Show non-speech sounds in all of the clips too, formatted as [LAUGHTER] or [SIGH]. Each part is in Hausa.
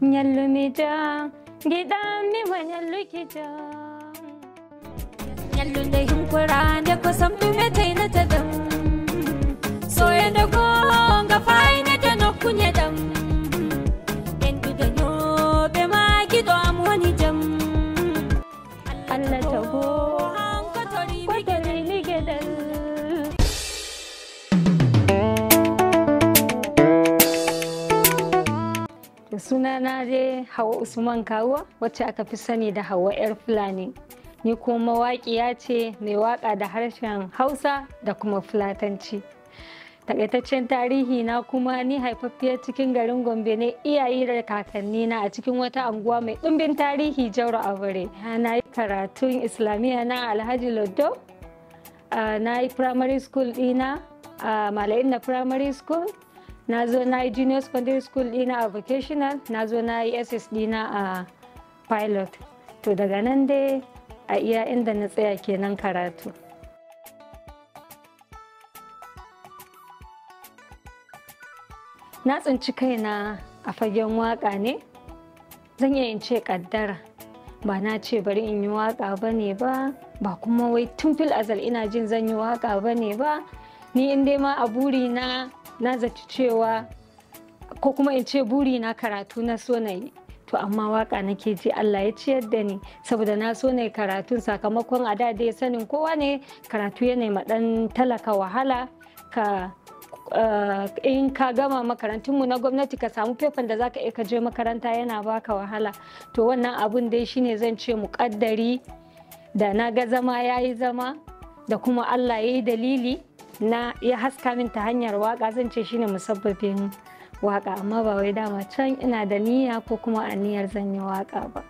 nyallu mi jang gidan mi ma nyallu ki jang nyallu da hinkura da kusan mi me tai na ta dam so ya da go ga fai na ta no kunya dam Hawa Usman Kawuwa wacce aka fi sani da Hawa 'yar Fulani. Ni kuma mawaƙiya ce mai waƙa da harshen Hausa da kuma Fulatanci. Takaitaccen tarihi na kuma ni haifaffiyar cikin garin Gombe ne iyayi da kakanni na a cikin wata anguwa mai ɗumbin tarihi Jauro Abure. Na yi karatun Islamiyya na Alhaji lodo na yi primary school ɗina a Mala'in na primary school na zo na yi junior secondary school dina a vocational na zo na yi ss dina a pilot to daga nan dai a iya inda na tsaya kenan karatu na tsinci kaina a fagen waka ne zan iya ce kaddara ba na ce bari in yi waka ba ne ba ba kuma wai tun fil azal ina jin zan yi waka ba ne ba ni in dai ma a buri na na zaci cewa ko kuma in ce buri na karatu na so na yi to amma waka nake ji Allah ya ciyar da ni saboda na so na yi karatun sakamakon a da ya sanin kowa ne karatu yana ma dan talaka wahala ka eh, in ka gama makarantunmu na gwamnati ka samu fefan da za ka iya ka je makaranta yana baka wahala to wannan abun dai shine zan ce muƙaddari da na ga zama ya yi zama da kuma Allah ya yi dalili na ya haska min ta hanyar waka zan ce shine musabbabin waka amma ba wai dama can ina da niyya ko kuma a niyyar zan yi waka ba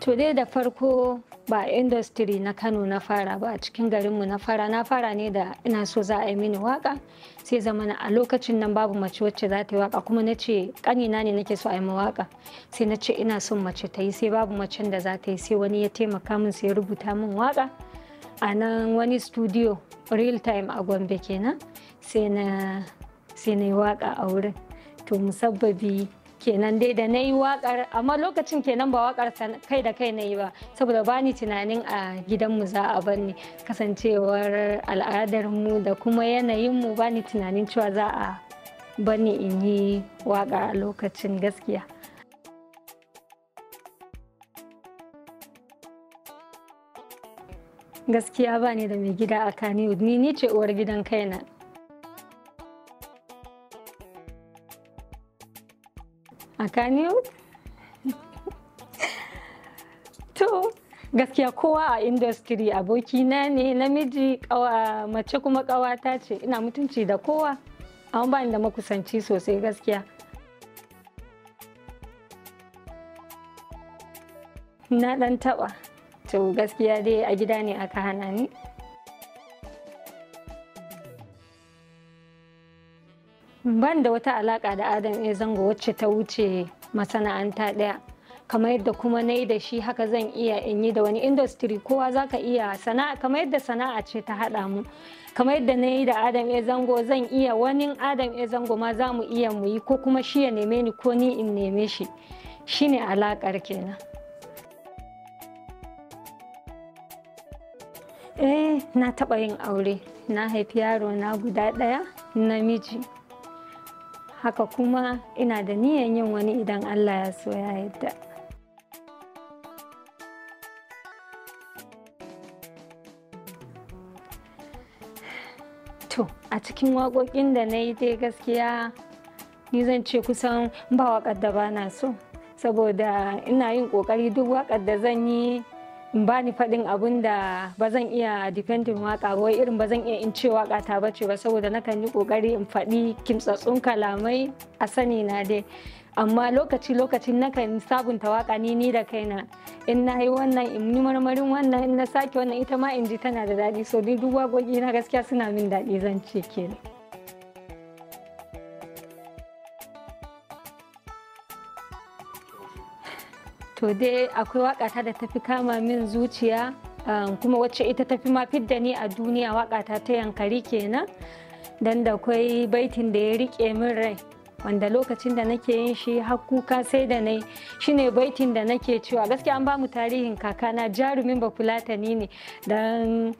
to dai da farko ba industry na kano na fara ba a cikin garinmu na fara na fara ne da ina so za a yi mini waka sai zamana a lokacin nan babu mace wacce za ta yi waka kuma na ce kanina ne nake so a yi waka sai na ce ina son mace ta yi sai babu macen da za ta yi sai wani ya taimaka min sai ya rubuta min waka a nan wani studio real time a gombe kenan sai na sai na yi waka a wurin to musabbabi kenan dai da na yi wakar amma lokacin kenan ba wakar kai da kai na yi ba saboda ba ni tunanin a gidanmu za a bar ni kasancewar al'adarmu da kuma yanayinmu ba ni tunanin cewa za a bar in yi waka a lokacin gaskiya. gaskiya ba da mai gida a kaniwood ni ni ce uwar gidan kai kaina a kaniyo to gaskiya kowa a industry abokina ne namiji mace kuma kawata ce ina mutunci da kowa an bani da makusanci sosai gaskiya na dan taba to gaskiya dai a gida ne aka hana ni ban da wata alaka da adam ya zango wacce ta wuce masana'anta ɗaya kamar yadda kuma na yi da shi haka zan iya in yi da wani industry kowa za ka iya sana'a kamar yadda sana'a ce ta haɗa mu kamar yadda na yi da adam ya zango zan iya wani adam ya zango ma za mu iya mu yi ko kuma shi ya neme ni ko ni in neme shi shine alakar kenan eh na taɓa yin aure na haifi yaro na guda ɗaya namiji haka kuma ina da niyan yin wani idan Allah ya so ya yadda. To, a cikin waƙoƙin da na yi dai gaskiya ni zan ce kusan ba waƙar da ba na so, saboda ina yin ƙoƙari duk waƙar da zan yi in ba ni faɗin abun da ba zan iya difendin waka wai irin ba zan iya in ce waka ta bace ba saboda nakan yi kokari in faɗi kimtsatsun kalamai a sani na dai amma lokaci lokacin nakan sabunta waka ni ni da kaina in na yi wannan in ni marmarin wannan in na sake wannan ita ma in ji tana da daɗi so ni duk wagogi na gaskiya suna min daɗi zan ce kenan to dai akwai wakata da tafi kama min zuciya um, kuma wacce ita tafi ma fidda ni a duniya waƙata ta yankari kenan dan da kwai baitin da ya rike min rai wanda lokacin da nake yin shi har kuka sai da nai shine baitin da nake cewa gaskiya an bamu tarihin kakana jarumin ni ne dan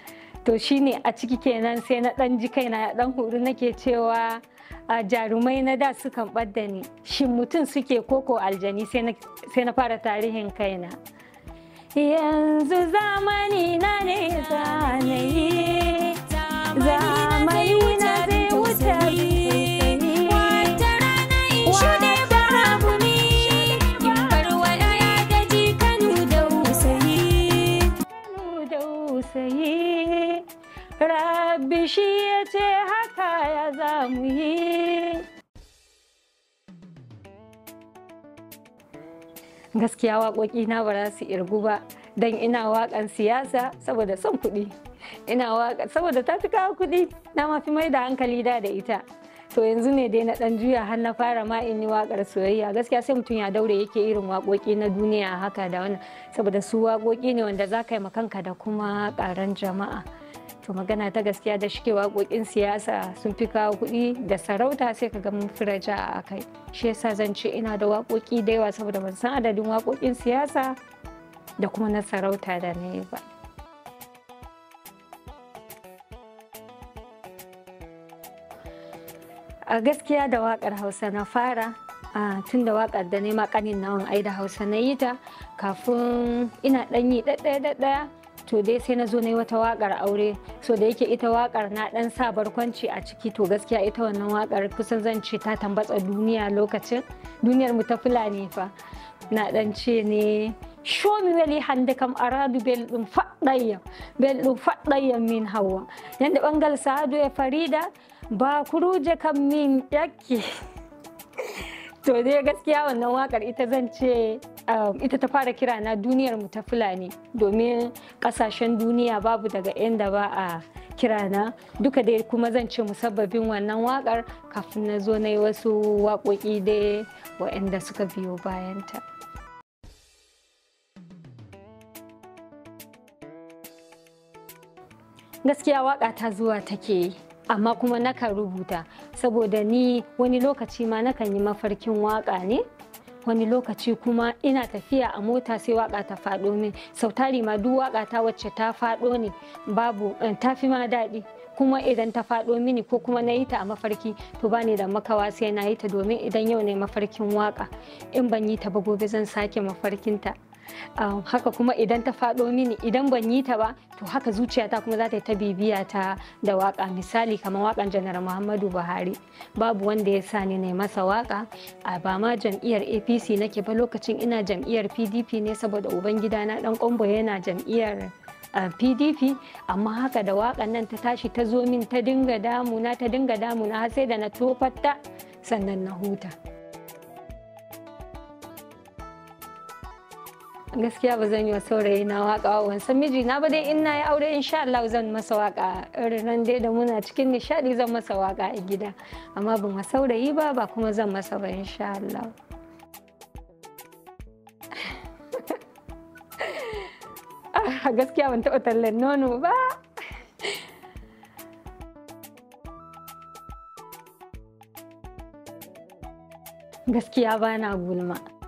to shine a ciki kenan sai na dan ji kaina dan hudu nake cewa a jarumai na da sukan ɓadda ni shin mutum suke koko aljani sai na fara tarihin kaina yanzu zamani na ne zanayi zamani gaskiya waƙoƙi na ba za su irgu ba don ina waƙan siyasa saboda son kuɗi ina waƙa saboda ta fi kawo kuɗi na mafi mai da hankali da da ita to yanzu ne dai na ɗan juya har na fara ma in yi waƙar soyayya gaskiya sai mutum ya daure yake irin waƙoƙi na duniya haka da wannan saboda su waƙoƙi ne wanda za ka yi kanka da kuma ƙaran jama'a to magana ta gaskiya da shike waƙoƙin siyasa sun fi kawo kuɗi da sarauta sai ka ga mun firaja a kai shi yasa zan ce ina da waƙoƙi da yawa saboda ban san adadin waƙoƙin siyasa da kuma na sarauta da na yi ba a gaskiya da wakar hausa na fara tun da waƙar da nema ƙanin nawan ai da hausa na yi ta kafin ina ɗanyi ɗaɗɗaya ɗaɗɗaya to dai sai na zo na yi wata wakar aure so da yake ita wakar na ɗan sa barkwanci a ciki to gaskiya ita wannan wakar kusan zan ce ta tambatsa duniya lokacin duniyar mu ta fulani fa na dan ce ne me weli hande kam aradu belɗum faɗɗayya belɗum faɗɗayya min hawa Yanda ɓangal saadu ya farida bakuruje kam min yakki [LAUGHS] to dai gaskiya wannan wakar ita zan ce Um, ita ta fara kira na duniyar mu ta fulani domin kasashen duniya babu daga inda ba a kira na duka dai kuma zan ce musabbabin wannan wakar kafin na zo na yi wasu waƙoƙi dai waɗanda suka biyo bayanta. gaskiya waka ta zuwa take amma kuma nakan rubuta saboda ni wani lokaci ma nakan yi mafarkin waka ne wani lokaci kuma ina tafiya a mota sai waka ta faɗo min sautari ma duk waka ta wacce ta faɗo ne babu eh, ta fi ma daɗi kuma idan ta faɗo mini ko kuma na yi ta a mafarki to ba ni da makawa sai na yi ta domin idan yau ne mafarkin waka in ban yi ta ba gobe zan sake mafarkinta. Ah, haka kuma idan ta faɗo mini idan ban yi ta ba to haka zuciyata kuma za ta yi ta bibiya ta da waka misali kamar wakan janar muhammadu buhari babu wanda ya sa ni ne masa waka a ah, ba ma jam'iyyar apc nake ba lokacin ina jam'iyyar pdp ne saboda ubangida na dan kombo yana jam'iyyar pdp ah, amma haka da wakan nan ta tashi ta zo min ta dinga damuna ta dinga damuna har sai da na tofatta sannan na huta. gaskiya ba zan yi wa saurayi na waka wa wansan miji na ba dai in na yi aure sha Allah zan masa waka nan dai da muna cikin nishadi zan masa waka a gida amma ban wa saurayi ba ba kuma zan masa ba sha Allah [LAUGHS] ah, gaskiya ban taɓa tallan nono ba gaskiya ba na gulma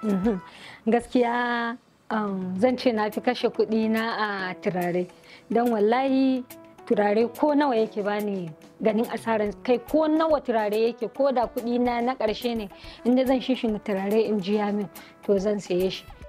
[LAUGHS] gaskiya um, zan ce na fi kashe kuɗi na a turare don wallahi turare ko nawa yake bani ganin asarar kai ko nawa turare yake ko da kuɗi na na ƙarshe ne inda zan shi shi turare in ji min to zan saye shi